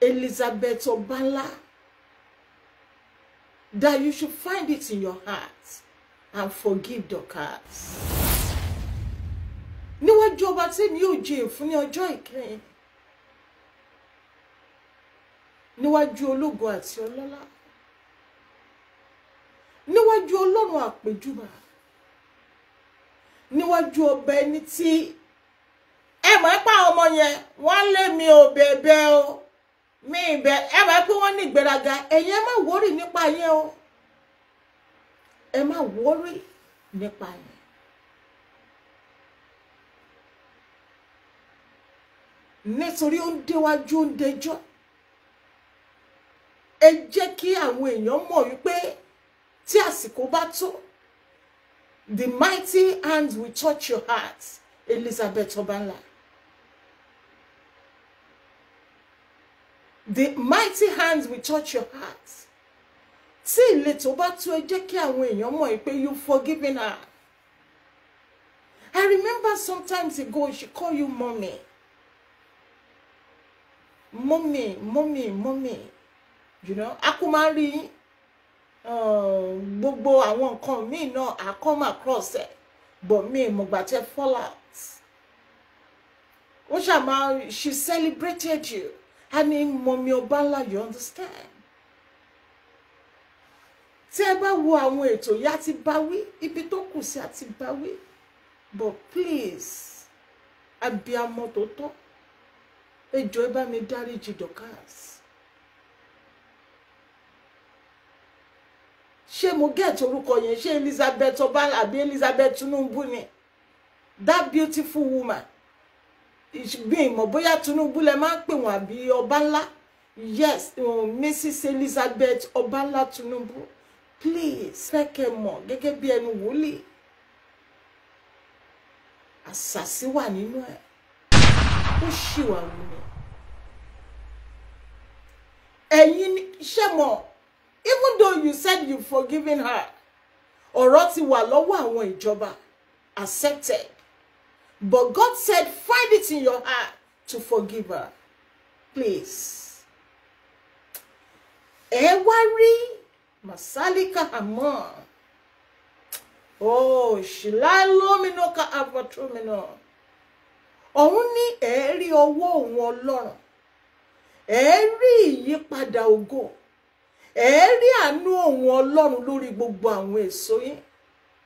Elizabeth Obala that you should find it in your heart and forgive cards. Dorcas. Níwájú ọba tí mi ò jẹ́ wa ní ọjọ́ ìkẹyìn. Níwájú ológo àti ọlọ́lá. Níwájú ọlọ́run àpèjúbà. Níwájú ọba ẹni tí ẹ mọ̀ ẹ́ pa ọmọ yẹn wọ́n lé mi ò bẹ̀bẹ̀ o mi ìbẹ ẹ bá pé wọ́n ní ìgbéraga ẹ̀yin ẹ má wórì nípa yẹn o ẹ má wórì nípa yẹn. nítorí ó ń déwájú ó ń dẹjọ́ ẹ jẹ́ kí àwọn èèyàn mọ̀ wípé tí àsìkò bá tó the mighty hand will touch your heart Elizabeth Obanla the mighty hands will touch your heart tí ìletò bá tú ẹ jẹ́ kí àwọn èèyàn mọ̀ pé you forgiven her I remember sometimes ago she call you mommy mommy mommy mommy you know a kò máa rí uh, gbogbo àwọn nǹkan míì náà I come across it, but me mọ̀gbà tẹ fall out wọ́n she celebrated you a ní mọ̀mí ọba ńlá you understand tí ẹ bá wo àwọn ètò yìí àti báwí ibi tó kù sí àti báwí but please abiyamọ tó tọ́ ẹ jọ̀ọ́ ẹ bá mi dáríjì Dorkas ṣé mo get orúkọ yẹn ṣé Elizabeth Obala àbí Elizabeth Tinubu ni that beautiful woman bí ìmọ̀ bóyá Tinubu lẹ máa ń pè wọ́n àbí Ọbánlá yes um, Mrs Elizabeth Ọbánlá Tinubu please fẹ́kẹ̀ mọ̀ gẹ́gẹ́ bí ẹnu wòlíì àṣàṣì wà nínú ẹ̀ ó ṣì wà nínú ẹ̀yin ṣe mọ̀ even though you said you forgiven her ọ̀rọ̀ ti wà lọ́wọ́ àwọn ìjọba accepted But God said, find it in your heart to forgive her. Please. Ẹ Masalika Hamon. Oh, Shilalomino ka avatromino. Òun ní ẹ̀ẹ́rí ọwọ́ òun Ọlọ́run. Ẹ̀ẹ́rí ìyípadà ògo. Ẹ̀ẹ́rí àánú òun Ọlọ́run lórí gbogbo àwọn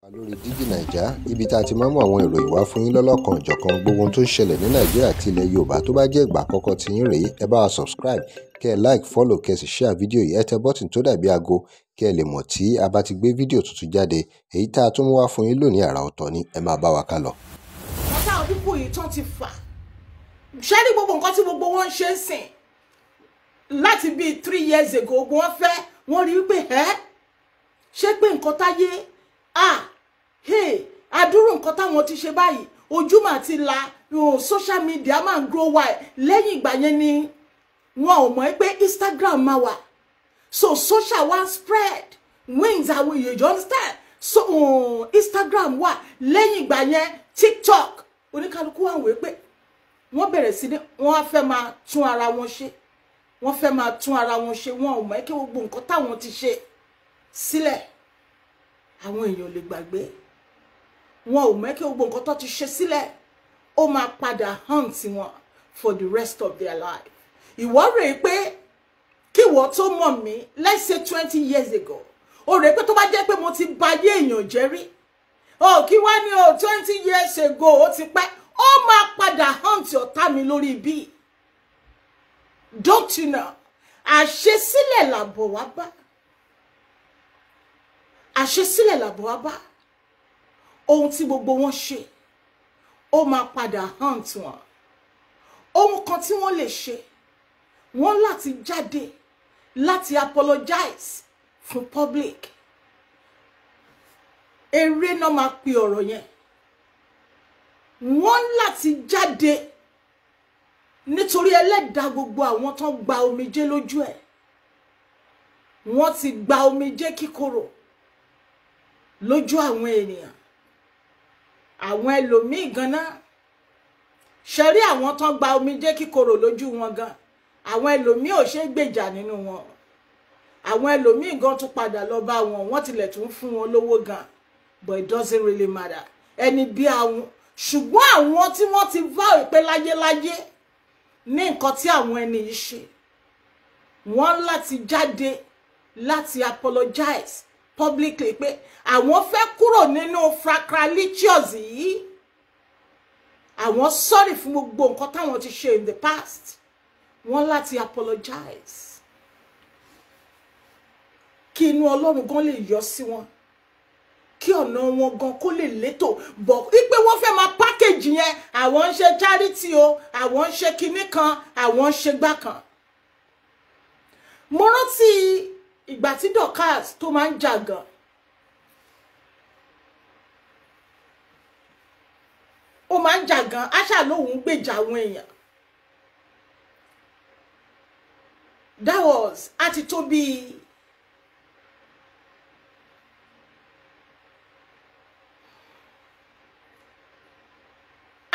lórí dígì nàìjà ibi tá a ti máa ń mú àwọn ìròyìn wá fún yín lọ́lọ́kan ìjọ̀kan gbogbo ohun tó ń ṣẹlẹ̀ ní nàìjíríà àti ilẹ̀ yorùbá tó bá jẹ́ ìgbà àkọ́kọ́ tí yín rèé ẹ bá wa subscribe kẹ́ ẹ like follow kẹ́ ẹ sì share fídíò yìí ẹ tẹ bọ́tìn tó dàbí aago kẹ́ ẹ lè mọ̀ tí a bá ti gbé fídíò tuntun jáde èyí tá a tún mú wá fún yín lónìí àrà ọ̀tọ̀ ni ẹ máa bá wa ká lọ. ọ̀tá òdúkù yìí tán ti fà three years ago wọn fẹ́ wọ́n rí wípé ẹ́ ṣé pé nǹkan táyé ah adúrò nǹkan táwọn ti ṣe báyìí ojú mà ti la social media máa ń grow wide lẹ́yìn ìgbà yẹn ni wọn ò mọ̀ pé Instagram máa wà so social wa spread wings àwọn èèyàn you understand so um, Instagram wà lẹ́yìn ìgbà yẹn TikTok oníkálukú wà wé pé wọ́n bẹ̀rẹ̀ sí ní wọ́n á fẹ́ máa tún ara wọn ṣe wọ́n fẹ́ máa tún ara wọn ṣe wọn ò mọ̀ ẹ́ gbogbo nǹkan táwọn ti ṣe sílẹ̀ àwọn èèyàn lè gbàgbé wọn ò mẹ́kẹ́ gbogbo nǹkan tó ti ṣe sílẹ̀ ó máa padà hunt wọn for the rest of their life ìwọ rèé pé Ki ìwọ tó mọ̀ mí let's say twenty years ago ó rèé pé tó bá jẹ́ pé mo ti ba ayé èèyàn jẹ́ rí ó kí o oh, twenty years ago ó ti pẹ́ ó máa padà hunt your mi lórí bí don't you know àṣesílẹ̀ làbọ̀ wá bá àṣesílẹ̀ làbọ̀ wá bá ohun tí gbogbo wọn ṣe ó máa padà hàn tiwọn ohun kan tí wọ́n lè ṣe wọ́n láti jáde láti apologize fún public eré náà máa pe ọ̀rọ̀ yẹn wọ́n láti jáde nítorí ẹlẹ́dàá gbogbo àwọn tán gba omijé lójú ẹ̀ wọ́n ti gba omijé kíkorò lójú àwọn ènìyàn àwọn ẹlòmíì ganan ṣe rí àwọn tán gba omijé kíkorò lójú wọn gan àwọn ẹlòmíì ò ṣeé gbèjà nínú wọn àwọn ẹlòmíì gan tún padà lọ bá wọn wọn tilẹ̀ tún fún wọn lówó gan but it doesn't really matter ẹni bí àwọn ṣùgbọ́n àwọn tí wọ́n ti vá ìpè láyéláyé ní nǹkan tí àwọn ẹni yìí ṣe wọ́n láti jáde láti apologize publicly pé àwọn fẹ́ kúrò nínú fracralicious yìí àwọn sorry fún gbogbo nǹkan táwọn ti ṣe in the past wọ́n láti apologize kí inú ọlọ́run gan lè yọ sí wọn kí ọ̀nà wọn gan kó lè létò bọ̀ wípé wọ́n fẹ́ máa pákéjì yẹn àwọn ń ṣe charity o àwọn ń ṣe kinní kan àwọn ń ṣe gbá kan mo rántí ìgbà tí Dorkas tó máa ń jàgàn ó máa ń jàgàn àṣà lòun gbèjà àwọn èèyàn that was a ti tó bíi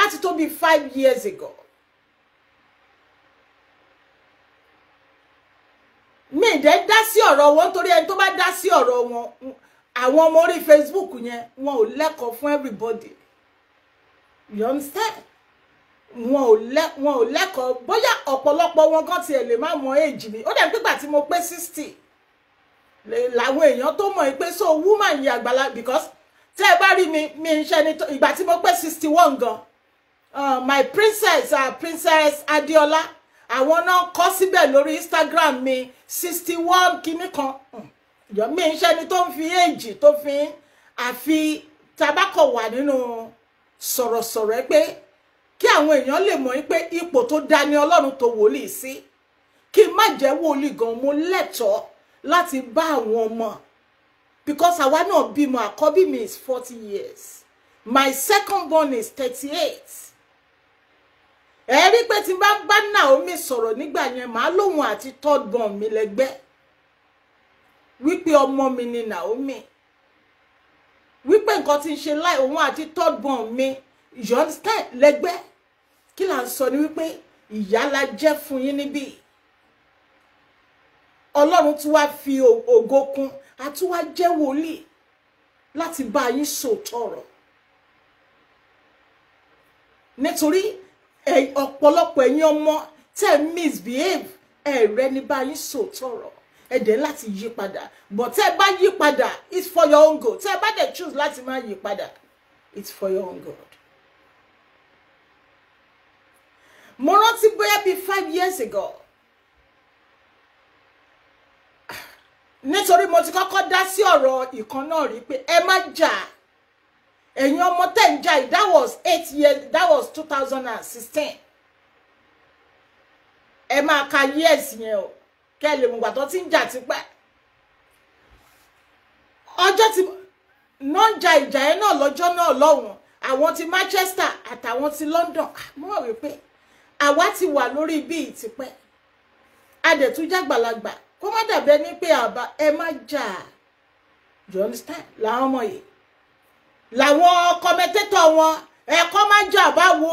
a ti tó bíi five years ago. ọ̀rọ̀ wọn torí ẹni tó bá dá sí ọ̀rọ̀ wọn àwọn ọmọ orí Facebook yẹn wọn ò lẹ́kọ̀ọ́ fún everybody you understand wọn ò lẹ wọn ò lẹ́kọ̀ọ́ bóyá ọ̀pọ̀lọpọ̀ wọn kan tiẹ̀ lè má mọ èjì mi ó dẹ̀ nígbà tí mo pé sixty làwọn èèyàn tó mọ̀ pé so woman yìí àgbàlá because tẹ́ ẹ bá rí mi mi ń ṣe ni ìgbà tí mo pé sixty one gan uh, my princess uh, princess Adiola àwọn náà kọ́ síbẹ̀ lórí Instagram mi sixty one kìíní kan yọ̀mí iṣẹ́ ni tó ń fi èjì tó fi àfi tabakọ̀ wà nínú sọ̀rọ̀sọ̀rọ̀ ẹ pé kí àwọn èèyàn lè mọ̀ pé ipò tó dá ní Ọlọ́run tó wòlíì sí kí n má jẹ́ wòlíì gan mo lẹ́tọ̀ọ́ láti bá àwọn ọmọ because àwa náà bímọ àkọ́bí mi is forty years my second born is thirty eight ẹ rí pé tí n bá bá Naomi sọ̀rọ̀ nígbà yẹn màá lóhun àti third born mi lẹ́gbẹ́ wípé ọmọ mi ni Naomi wípé nǹkan tí ń ṣe láì òun àti third mi you understand lẹ́gbẹ́ kí là ń sọ ni wípé ìyá la jẹ́ fún yín níbí ọlọ́run tí wàá fi ògo kún àti wàá jẹ́ wòlíì láti bá yín sòótọ́ ọ̀rọ̀ nítorí ọ̀pọ̀lọpọ̀ ẹ̀yin ọmọ tẹ́ misbehave ẹ̀rẹ́ ní báyìí sòtọ̀rọ̀ ẹ̀dẹ̀ láti yí padà but tẹ́ bá yí padà it's for your own good tẹ́ bá dẹ̀ choose láti má yí padà it's for your own good. mo rántí bóyá bíi five years ago nítorí mo ti kọ́kọ́ dá sí ọ̀rọ̀ ìkan náà rí pé ẹ má jà á ẹ̀yin ọmọ tẹ̀ ń jà yìí that was eight years that was two thousand and sixteen ẹ máa ka years yẹn o kẹ́ ẹ lè mọ̀gbà tó ti ń jà tipẹ́ ọjọ́ tí náà ń ja ìjà yẹn náà lọ́jọ́ náà lọ́hùn-ún àwọn ti Manchester àtàwọn ti London ah, mo rò wípé àwa ti wà lórí bí ìtìpẹ́ adẹ̀túnjá gbàlagbà kó má dàbẹ́ ní pé àbá ẹ má jà you understand làwọn ọmọ yìí làwọn kọmẹtẹtọ wọn ẹkọ máa ń jà báwo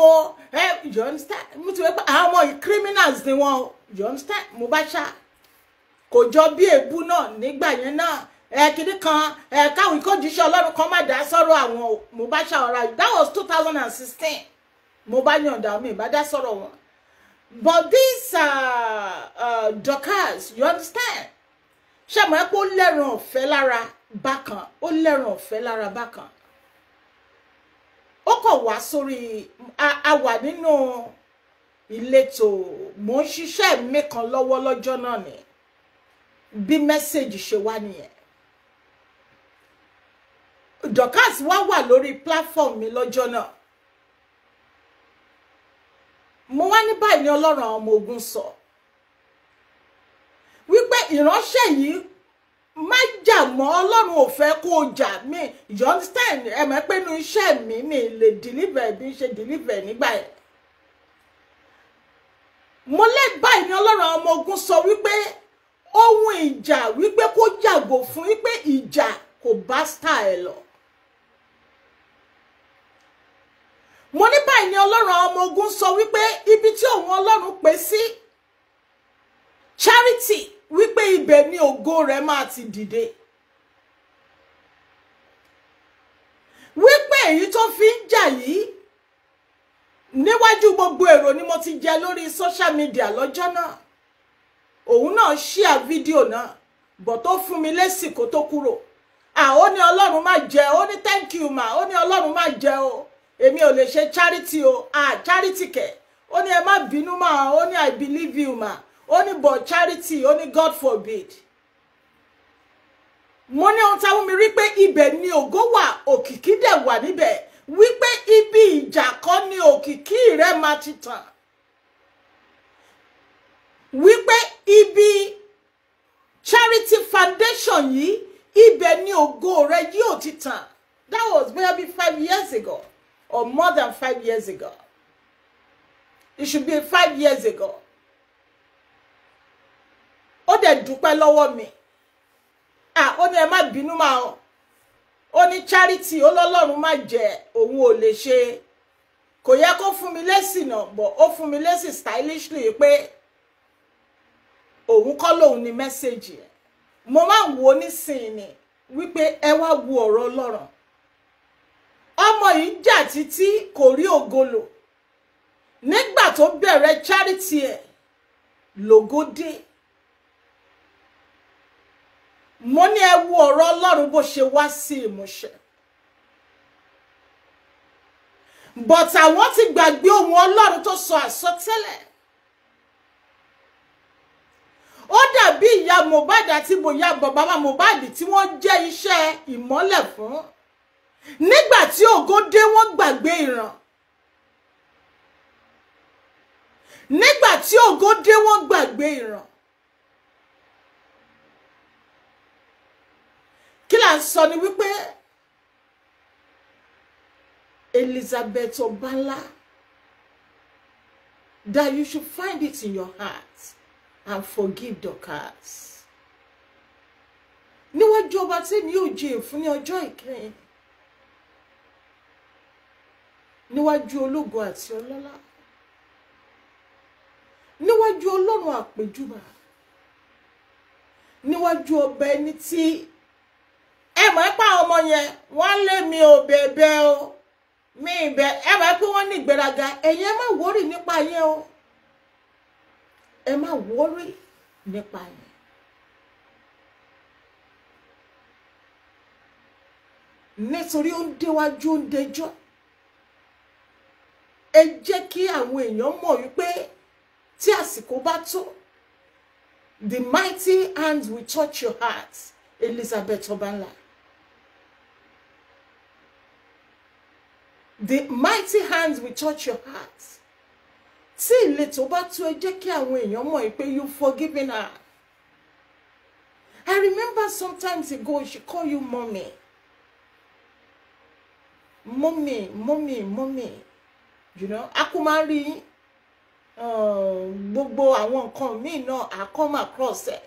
ẹ you understand mo ti wẹ pé àwọn criminals ni wọn you understand mo bá ṣá kò jọ bí èébú náà nígbà yẹn náà ẹ kìíní kan ẹ káwọn ìkọjúṣe Ọlọ́run kan má dá sọ̀rọ̀ àwọn mo bá ṣá ọ̀rọ̀ that was two thousand and sixteen mo bá yànda mi ìbá dá sọ̀rọ̀ wọn but this uh, uh, Dorkas you understand ṣé mo ẹ pé ó lẹ́rùn ọ̀fẹ́ lára bákan ó lẹ́rùn ọ̀fẹ́ lára bákan kàn wá sórí a wà nínú ìletò mò ń ṣiṣẹ́ mi kan lọ́wọ́ lọ́jọ́ náà ni bí mẹ́sẹ̀gì ṣe wá nìyẹn Dorkas wá wà lórí platform mi lọ́jọ́ náà mo wá ní báyìí ní ọlọ́run àwọn ọmọ ogun sọ wípé ìránṣẹ́ yìí má jà mọ́ ọlọ́run ò fẹ́ kó o jà mí you understand ẹ mọ̀ pé inú iṣẹ́ mi mi lè deliver bí n ṣe deliver nígbà yẹn mo lè báyìí ní ọlọ́run ọmọ ogun sọ wípé ohun ìjà wípé kó jàgò fún wípé ìjà kò bá star ẹ lọ. mo ní báyìí ní ọlọ́run ọmọ ogun sọ wípé ibi tí òun ọlọ́run pè sí. Si, ní ògo rẹ̀ máa ti dìde wípé èyí tó fi ń jà yìí níwájú gbogbo èrò ni mo ti jẹ lórí social media lọ́jọ́ náà òun náà ṣíà fídíò náà bọ̀ tó fún mi lésì kó tó kúrò à ó ní ọlọ́run má jẹ́ ó ní thank you ma ó ní ọlọ́run má jẹ́ o èmi ò lè ṣe charity o à charity kẹ̀ ó ní ẹ má bínú mà ó ní i believe you ma ó ní but charity ó ní God forbid mo ní ohun táwọn mi rí pé ibẹ̀ ni ògo wà òkìkí dẹ̀ wà níbẹ̀ wípé ibi ìjà kọ́ ni òkìkí rẹ̀ máa ti tàn wípé ibi charity foundation yìí ibẹ̀ ni ògo rẹ̀ yóò ti tàn that was maybe five years ago or more than five years ago it should be five years ago dẹ̀ dúpẹ́ lọ́wọ́ mi ah ó ní ẹ má bínú máa hàn ó ní charity ó lọ́lọ́run má jẹ́ òun ò lè ṣe kò yẹ kó fún mi lésì náà bọ̀ ó fún mi lésì stylishly pé òun kọ́ lòun ní mẹ́sẹ̀gì ẹ̀ mo máa ń wo nísìnyí ni wípé ẹ wá wo ọ̀rọ̀ ọlọ́run ọmọ yìí jà títí kò rí ògolo nígbà tó bẹ̀rẹ̀ charity ẹ̀ lògó dé mo ní ẹ wo ọ̀rọ̀ Ọlọ́run bó ṣe wá sí ìmúṣẹ but àwọn ti gbàgbé ohun Ọlọ́run tó sọ àsọtẹ́lẹ̀ ó dàbí ìyá Mohbad àti bòyá bàbá Mohbad tí wọ́n jẹ́ iṣẹ́ ìmọ́lẹ̀ fún nígbà tí ògo dé wọ́n gbàgbé ìran nígbà tí ògo dé wọ́n gbàgbé ìran à ń sọ ni wípé Elizabeth Obala that you should find it in your heart and forgive Dorcas níwájú ọba tí mi ò jẹ fún ní ọjọ́ ìkẹyìn níwájú ológo àti ọlọ́lá níwájú ọlọ́run àpèjúbà níwájú ọba ẹni tí ẹ mọ̀ pa ọmọ yẹn wọ́n lé mi ò bẹ̀bẹ̀ o mi ìbẹ̀ ẹ mọ̀ pé wọ́n ní ìgbéraga ẹ̀yin ẹ má wórì nípa yẹn o ẹ má wórì nípa yẹn. nítorí ó ń déwájú ó ń dẹjọ́ ẹ jẹ́ kí àwọn èèyàn mọ̀ wípé tí àsìkò bá tó the mighty hand will touch your heart Elizabeth Obanla. The mighty hands will touch your heart. Tí ìletò bá tú ẹ jẹ́ kí àwọn èèyàn mọ̀ pé you forgiven her. I remember sometimes ago she call you mommy. Mommy, mommy, mommy. You know, a kò máa rí uh, gbogbo àwọn nǹkan míì náà I come across it,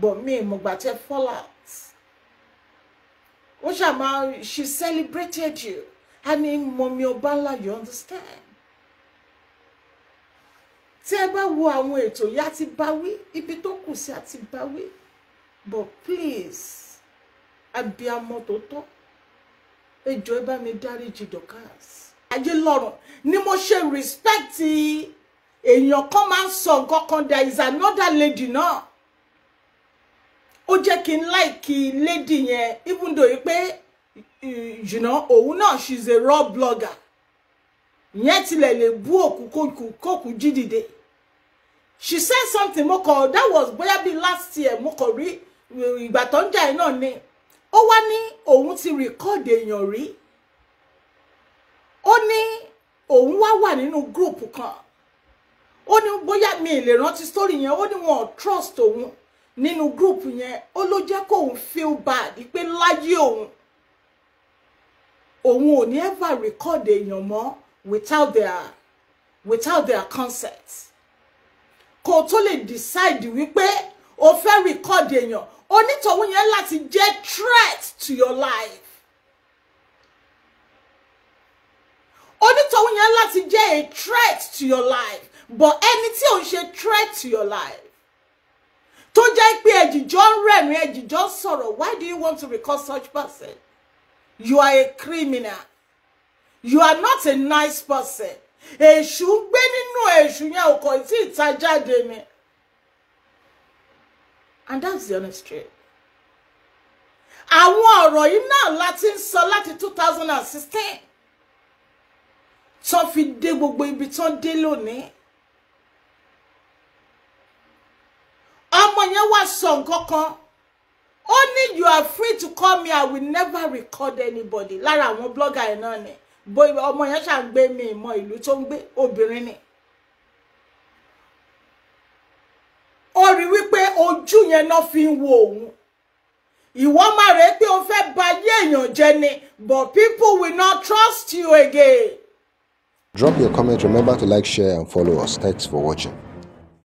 but me mo gbà tẹ fall out. Ó ṣàmà she celebrated you. I mean, mommy Ọbánlá you understand tí ẹ bá wo àwọn ètò yìí àti báwí ibi tó kù sí àti báwí but please abiyamọ tó tọ́ ẹ jọ̀ọ́ ẹ bá mi dáríjì Dorkas ayé lọ́rọ̀ ni mo ṣe respect èèyàn kan máa ń sọ there is another lady náà ó jẹ́ kí n lady yẹn even though you pé you know òun náà she's a raw blogger ìyẹn tilẹ̀ lè bú òkú kókù jí dìde she said something mo kọ that was bóyá bíi last year mo kọ rí ìgbà tó ń jà yìí náà ni ó wá ní òun ti record èèyàn rí ó ní òun wá wà nínú group kan ó ní bóyá mi lè rántí story yẹn ó ní wọn ò trust òun nínú group yẹn ó ló jẹ́ kóun feel bad pé láyé òun òun ò ní ever record èèyàn mọ́ without their without their consent kò tó lè decide wípé o fẹ́ record èèyàn onítọ̀hún yẹn láti jẹ́ threat to your life onítọ̀hún yẹn láti jẹ́ a threat to your life but ẹni tí ò ń ṣe threat to your life tó jẹ́ pé ẹ̀jìjọ́ ń rẹ̀rìn ẹ̀jìjọ́ sọ̀rọ̀ why do you want to record such person? You are a criminal. You are not a nice person. Èṣù gbé nínú èṣù yẹn ò kò tí ì jáde ni. And that's the honest truth. Àwọn ọ̀rọ̀ yìí náà láti ń sọ láti two thousand and sixteen tó fi dé gbogbo ibi tó ń dé lónìí. Ọmọ yẹn wá sọ nǹkan kan mean you are free to call me i will never record anybody lára àwọn blogger ẹ̀ náà ni bó ọmọ yẹn ṣà ń gbé mi ìmọ̀ ìlú tó ń gbé obìnrin ni. ó rí wípé ojú yẹn náà fi ń wo òun ìwọ má rèé pé o fẹ́ bà ayé èèyàn jẹ́ ni but people will not trust you again. Drop your comment. Remember to like, share, and follow us. Thanks for watching.